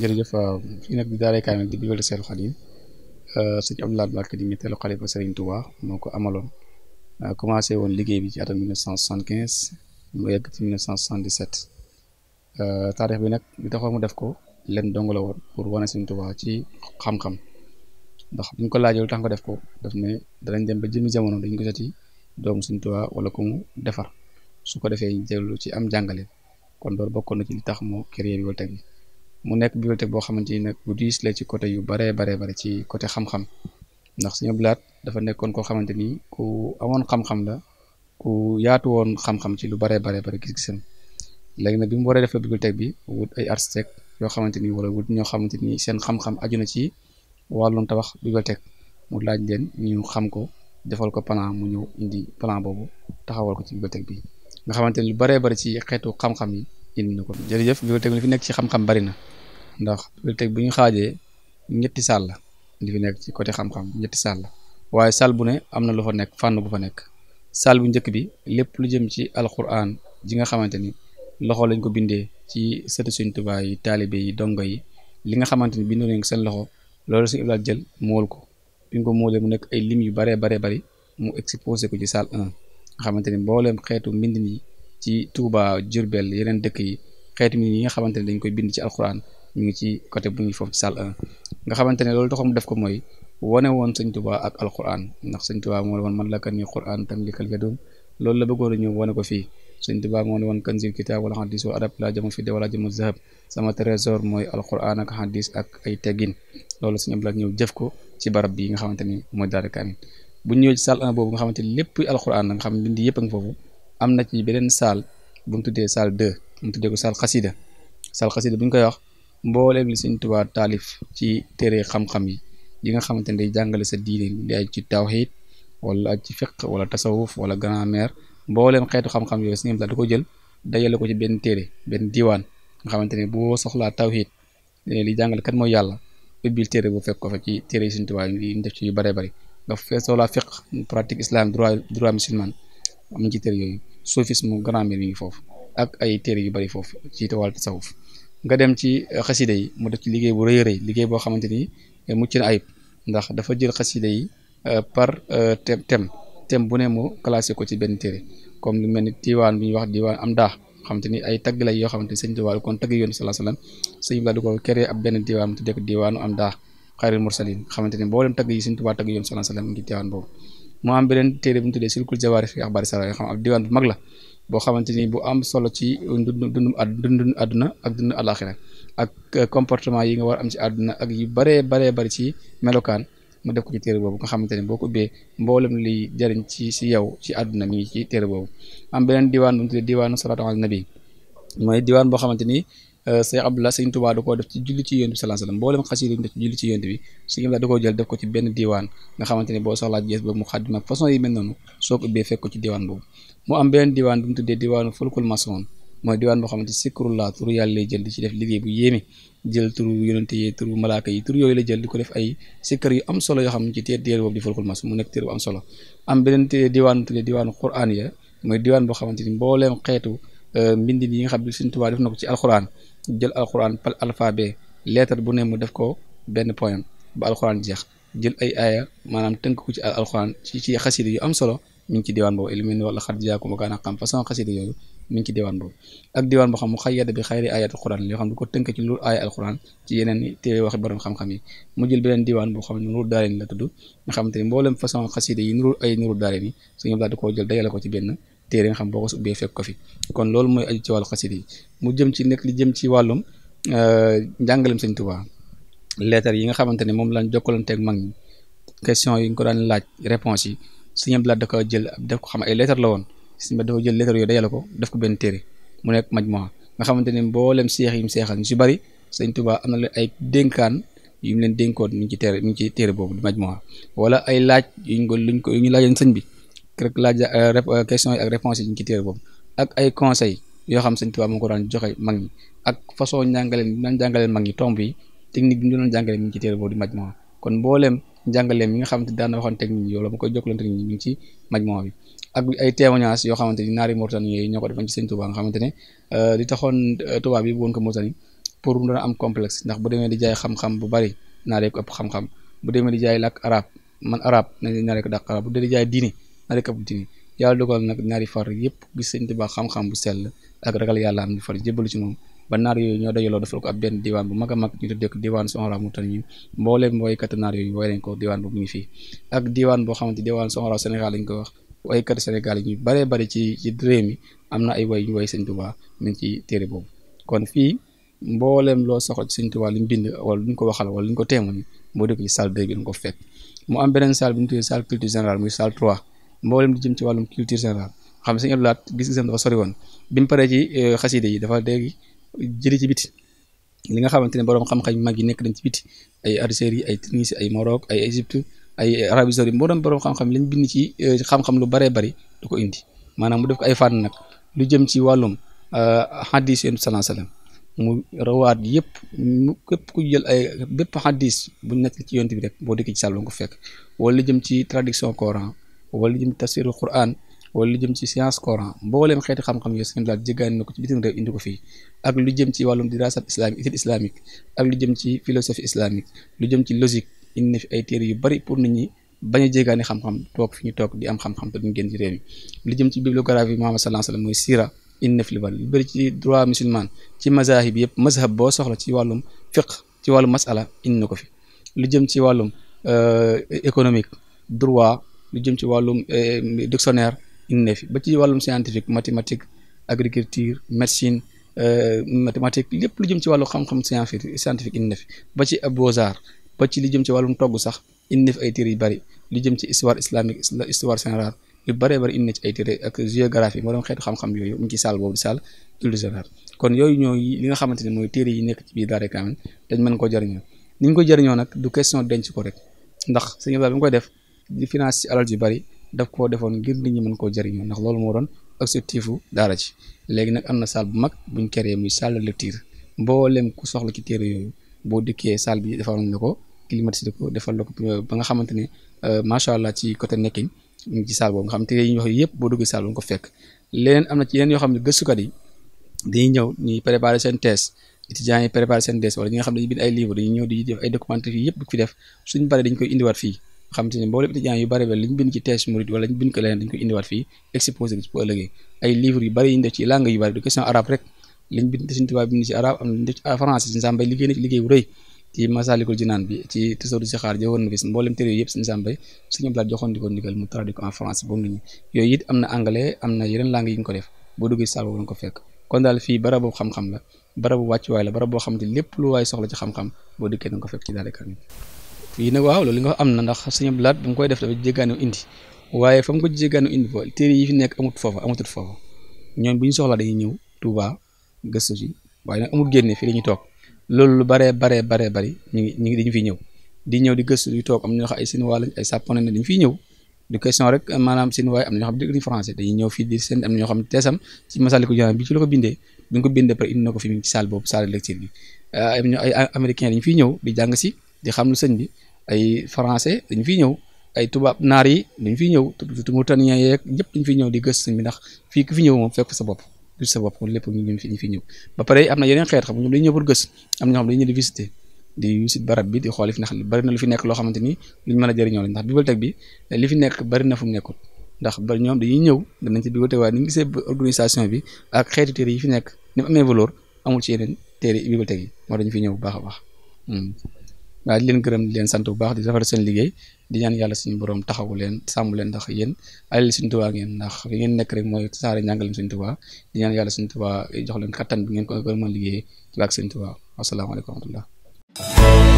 jërëjëf waaw fii nag di daaray kaamil di diwal Seexul Xadiim euh, sëñ Abdou Lahad Mbacké di ñetteelu xalifa Serigne Touba moo ko amaloon euh, commencé woon liggéey bi ci atam 1975 mu yegg ci 1977 euh, taarix bi nag li taxoon mu def ko leen dong la woon pour wane Serigne Touba ci xam-xam ndax bu ko laajee lu tax nga def ko daf ne danañ dem ba jëmi jamono dañ ko joti doomu Serigne Touba wala ko mu defar su ko defee jëlu ci am jàngale kon loolu bokkoon ci li tax mu créé bi wala tamit. mu nekk bibliothèque boo xamante ni nag bu diis la ci côté yu baree baree bare ci côté xam-xam ndax Sëñ Abdu dafa nekkoon koo xamante ni ku amoon xam-xam la ku yaatu woon xam-xam ci lu baree baree bare gis-gisam léegi nag bi mu waree def la bibliothèque bi wut ay yoo xamante ni wala wut ñoo xamante ni seen xam-xam na ci wàllum tabax bibliothèque mu laaj leen ñu xam ko defal ko plan mu ñëw indi plan boobu taxawal ci bibliothèque bi nga xamante ni lu baree bari ci xeetu xam yi indi na ko jërëjëf bibliothèque bi li fi nekk ci xam-xam bari na ndax bibliothèque bu ñu xaajee ñetti saal la li fi nekk ci côté xam-xam ñetti saal la waaye saal bu ne am na lu fa nekk fànn bu fa nekk saal bu njëkk bi lépp lu jëm ci alquran ji nga xamante ni loxo lañ ko bindee ci sëtu Sëriñ Tuubaa yi taalibe yi dongo yi li nga xamante ni bindu nañ seen loxo loolu suñu iblaat jël mool ko bi ko moolee mu nekk ay lim yu baree baree bari mu exposé ko ci saal 1 nga xamante ni mbooleem xeetu mbind yi ci Touba Jurbel yeneen dëkk yi xeetu mbind yi nga xamante ni dañ koy bind ci alquran ñu ngi ci côté bu ñu foofu ci salle 1 nga xamante ne loolu taxam def ko mooy wane woon sëñ Tuubaa ak alquran ndax sëñ Tuubaa moo woon man la kan ni quran tam li kalfedum loolu la bëggoon a ko fii sëñ Tuubaa adab laa jëmu fi de wala jëmu sama trésor mooy alquran ak xadis ak ay teggin loolu sëñ Abdulaay ñëw jëf ko ci barab bi nga xamante ni mooy daara kaamil bu ñëwee ci salle 1 boobu nga xamante ni lépp alquran nga xam bind yëpp a ngi foofu am na ci beneen sa bu mu tuddee salle 2 mu tuddee ko mbooleem li Sëñ Tuubaa taalif ci téere xam-xam yi yi nga xamante ne day jàngale sa diine di aj ci tawxiid wala aj ci fiq wala tasawuf wala grammaire mboolem xeetu xam-xam yooyu Sëñ Abdou Lahad da ko jël dajale ko ci benn téere benn diwaan nga xamante ne boo soxlaa tawxiid li jàngale kat mooy yàlla ubbil téere bu fekk ko fa ci téere yi Sëñ Tuubaa yi ñu def ci yu bëree bëri nga fee soxlaa fiq pratique islam droit droit musulman am ci téere yooyu soufisme grammaire yi ngi foofu ak ay téere yu bëri foofu ci wàllu tasawuf nga dem ci xasida yi mu def ci liggéey bu rëy rëy liggéey boo xamante ni eh, mucc na ayib ndax dafa jël xasida yi eh, par eh, thème thème bu ne mu classé ko ci benn téere comme lu mel ni diwaan bi ñuy wax diwaan am daa xamante ni ay tagg la yoo xamante ni sëñ Tuubaa kon tagg yoon sallallahu alayhi wasallam sëñ bi la du ko créé ab benn diwaan mu daa xayril mursalin xamante ni mboolem tagg yi sëñ Tuubaa tagg yoon sallallahu alayhi wasallam ngi diwaan boobu mu am beneen téere bu ñu tuddee silkul jawaari fi ab diwaan bu mag la boo xamante ni bu am solo ci dundu dundu adduna ak dundu àllaaxira ak euh, comportement yi nga war am ci àdduna ak yu baree baree bari ci melokaan mu def ko ci téere boobu nga xamante ne boo ko ubbee mboolem li jëriñ ci si yow ci àdduna mi ngi ci téere boobu am beneen diwaan bu ñu tuddee diwaanu salaatu ala nabi mooy diwaan boo xamante Cheikh euh, Abdoulaye Sëriñ Tuubaa da koo def ci def ci julli ci yonent bi Sëriñ Abdoulaye da koo jël def ko ci benn diwaan nga xamante ne boo soxlaa jees ba mu xaddima ak façon yi mel noonu soo ko ubbee fekk ko ci diwaan boobu mu am benn diwaan bu mu tuddee diwaanu def liggéey bu yéeme jël turu yonente yooyu la jël di ko am solo yoo xam ne ci téer téer boobu di fulkul quraan ya mooy diwaan boo xamante mbooleem xeetu Euh, mbindin yi nga xam ne Sëriñ Tuubaa def na ko ci alxuraan jël alxuraan par alphabet lettre bu ne mu def ko benn poème ba alxuraan jeex jël ay aaya maanaam tënk ko ci alxuraan ci ci xasida yu am solo mi ngi ci diwaan boobu ilmin wala xar jaakum kaana xam façon xasida yooyu mi ngi ci diwaan boobu ak diwaan boo xam mu xayyada bi xay ayat alquran yoo xam ne ko tënk ci lu aaya alquran ci yeneen i téere waxi borom xam-xam yi mu jël beneen diwaan boo xam ne nurul daareen la tudd nga xamante ni façon xasida yi nurul ay nurul daareen yi suñu daal di koo jël dajale ko ci benn téere nga xam boo ko su ubbee fekk ko fi kon loolu mooy aju ci wàllu xasida yi mu jëm ci nekk li jëm ci wàllum euh, njàngalem sëñ Tuubaa leetar yi nga xamante ne moom lañ jokkalante ak mag ñi question yi nga ko daan laaj réponse yi sëñ Abdou Lahad jël def ko xam ay leetar la woon sëñ ba dafa jël leetar yooyu dajale ko def ko benn téere mu nekk majmuha nga xamante ne mboolem seex yi mu seexal ñu si bari sëñ Tuubaa am na leen ay dénkaan yu mu leen dénkoon mi ci téere mi ngi ci téere boobu di majmuha wala ay laaj yuñ ko luñ ko yu ñu laajoon sëñ bi rek laaj euh, euh, question yi ak réponse yi ñu ci téere boobu ak ay conseil yoo xam sëñ Tuubaa moo ko daan joxe mag ñi ak façon njàngaleen mi ngi ci téere di Majmua kon mbooleem njàngaleem yi nga xamante daan na waxoon technique yi yow la ma koy jokkalante ñu ci Majmua bi ak ay témoignages yoo xamante naari Mauritanie ñoo ko defoon ci sëñ euh, tubaab yi bëggoon ko Mauritanie pour mu doon am complexe ndax bu demee di jaay xam-xam bu bari naaree ko xam-xam bu demee di jaay làkk arab man arab nañ ko dàq arab bu dee di récapitulé yàlla dogal nag ñaari far yëpp gis sëñ Tuubaa xam-xam bu sell ak ragal yàlla am ñu far jébbalu ci moom ba naar yooyu ñoo dajaloo defal ko ab benn a mag ñu tuddee ko yooyu woy nañ ko diwaan bu mu ngi fii ak ko am na ay woy ñu woy sëñ Tuubaa mi ngi ci téere boobu kon fii mbooleem loo soxla ci sëñ Tuubaa li ñu bind wala lu ñu ko waxal wala lu ñu ko téemoon boo dëkk ci salle deux bi nga ko fekk mu am beneen salle bi ñu tuddee salle culture générale muy salle trois mboolem di jëm ci wàllum culture xam ne sëñ gis-gisam dafa sori woon bi mu paree ci euh, xaside yi dafa léegi jëli ci biti li nga xamante ne boroom xam-xam mag yi nekk dañ ci biti ay Algérie ay Tunisie ay Maroc ay Égypte ay Arabie Saoudite mboolem boroom xam-xam lañ bind ci euh, xam lu baree bari du ko indi maanaam mu def ko ay fànn nag lu jëm ci wàllum xadis euh, yonent sallallahu alayhi wasallam mu rawaat yëpp mu képp ku jël ay bépp xadis bu nekk ci yonent bi rek boo dëkk ci sàll ko fekk wala lu jëm ci traduction coran lu jëm tafsirul quran wala lu jëm ci science coran mbooleem xeeti xam-xam yooyu sëñ daal jéggaani na ko ci bitim réew indi ko fii ak lu jëm ci wàllum dirasat islamique étude islamique ak lu jëm ci philosophie islamique lu jëm ci logique indi na fi ay téere yu bari pour nit ñi bañ a jéggaani xam-xam toog fi ñu toog di am xam-xam te duñ génn ci réew mi lu jëm ci bibliographie Muhammad sallallahu alayhi wasallam mooy siira indi na fi lu bari lu bari ci droit musulman ci mazahib yëpp mazhab boo soxla ci wàllum fiqh ci wàllum masala indi na ko fi lu jëm ci wàllum euh, économique droit lu jëm ci wàllum eh, dictionnaire indi na fi ba ci wàllum scientifique mathématique agriculture médecine eh, mathématique lépp lu jëm ci wàllu xam-xam scientifique scientifique indi ba ci beaux-arts ci lu jëm ci wàllum togg sax indi na fi ay téere yu bari lu jëm ci histoire islamique histoire générale yu bëree bëri indi na ci ay téere ak géographie moo doon xeetu xam-xam yooyu mu ci saal boobu di saal Jules César kon yooyu ñooy li nga xamante ne mooy téere yi nekk ci biir Daaray Kaamil dañ mën ko jëriñoo ni ñu ko jëriñoo nag du question denc ko rek ndax di finance ci alal ju bari daf koo defoon ngir nit ñi mën koo jëriñoo ndax loolu moo doon objectif daara ci léegi nag am na salle bu mag buñ créé muy salle de lecture mboolem ku soxla ci téere yooyu boo dikkee salle bi defal na ko climatisé ko defal la nga xamante ne euh, macha allah ci côté nekkin ñu ci salle boobu nga xam te yi ñu wax yëpp boo duggee salle bu nga ko fekk leneen am na ci yeneen yoo xam ne gëstukat yi dañuy ñëw ñuy préparé seen thèse étudiants yi préparé seen thèse wala ñi nga xam ne dañuy bind ñëw di def yëpp du fi def suñ dañ koy indiwaat xam te ne mboolem étudiants yu bari bari li ñu bind ci thèse mouride wala ñu bind ko leneen dañ ko am na ñu def ci français yëpp suñu sàmbay suñu ablaat joxoon ndigal mu traduit en français boobu nit ñi yooyu it am na anglais am na yeneen langue yi ñu ko def boo duggee saal boobu ko fekk kon daal fii barabu xam-xam la barabu wàccuwaay la barab xam te lépp lu waay soxla ci xam-xam boo dikkee ko fekk ci daal fii nag waaw loolu li nga am ndax sëñ Abdou Lahad ba koy def dafa jéggaanu indi waaye fa mu ko jéggaanu indi fa téere yi fi nekk amut foofa amutut foofa ñoom bu ñu soxla dañuy ñëw Touba gëstu si waaye nag amul fii la ñuy toog loolu lu baree baree baree bari ñu ngi ñu ngi dañu fiy ñëw di ñëw di di toog am na ñoo xam ay seen wàll ay fiy ñëw du question rek maanaam seen waaye am na dañuy ñëw fii di seen am xam teesam ci Masaalikul Jinaan bi ci bi nga ko bindee pare indi na ko fi ci salle boobu salle lecture bi ay américain dañu fiy ñëw di jàng si di xam lu sëñ bi ay français dañ fiy ñëw ay tubaab naar yi dañ fiy ñëw mauritanien yeeg ñëpp dañ fiy ñëw di gëstu bi ndax fii ku fi ñëw moom fekk sa bopp sa bopp kon lépp ñu fi ñu fi ñëw ba pare am na yeneen xeet xam ñoom dañ ñëw pour am na ñoo xam dañ ñëw bi di xool li fi bari na lu fi nekk loo xamante ni luñ mën a jëriñoo lañ ndax bibliothèque bi li fi nekk bari na fu mu nekkul ndax bari ñoom dañuy ñëw danañ ci bibliothèque waaye ni ñu gisee organisation bi ak xeeti yi fi nekk ni amee valeur amul ci téere bibliothèque yi moo dañu fi ñëw bu baax a baax hmm. waaye di leen gërëm di leen sant bu baax di defar seen liggéey di ñaan yàlla suñu borom taxawu leen sàmm leen ndax yéen alal suñu tubaa ngeen ndax fi ngeen nekk rek mooy saare njàngalem suñu tubaa di ñaan yàlla suñu tubaa jox leen kattan bi ngeen ko gën a mën liggéey ci waag suñu tubaa wasalaamaaleykum wa rahmatullah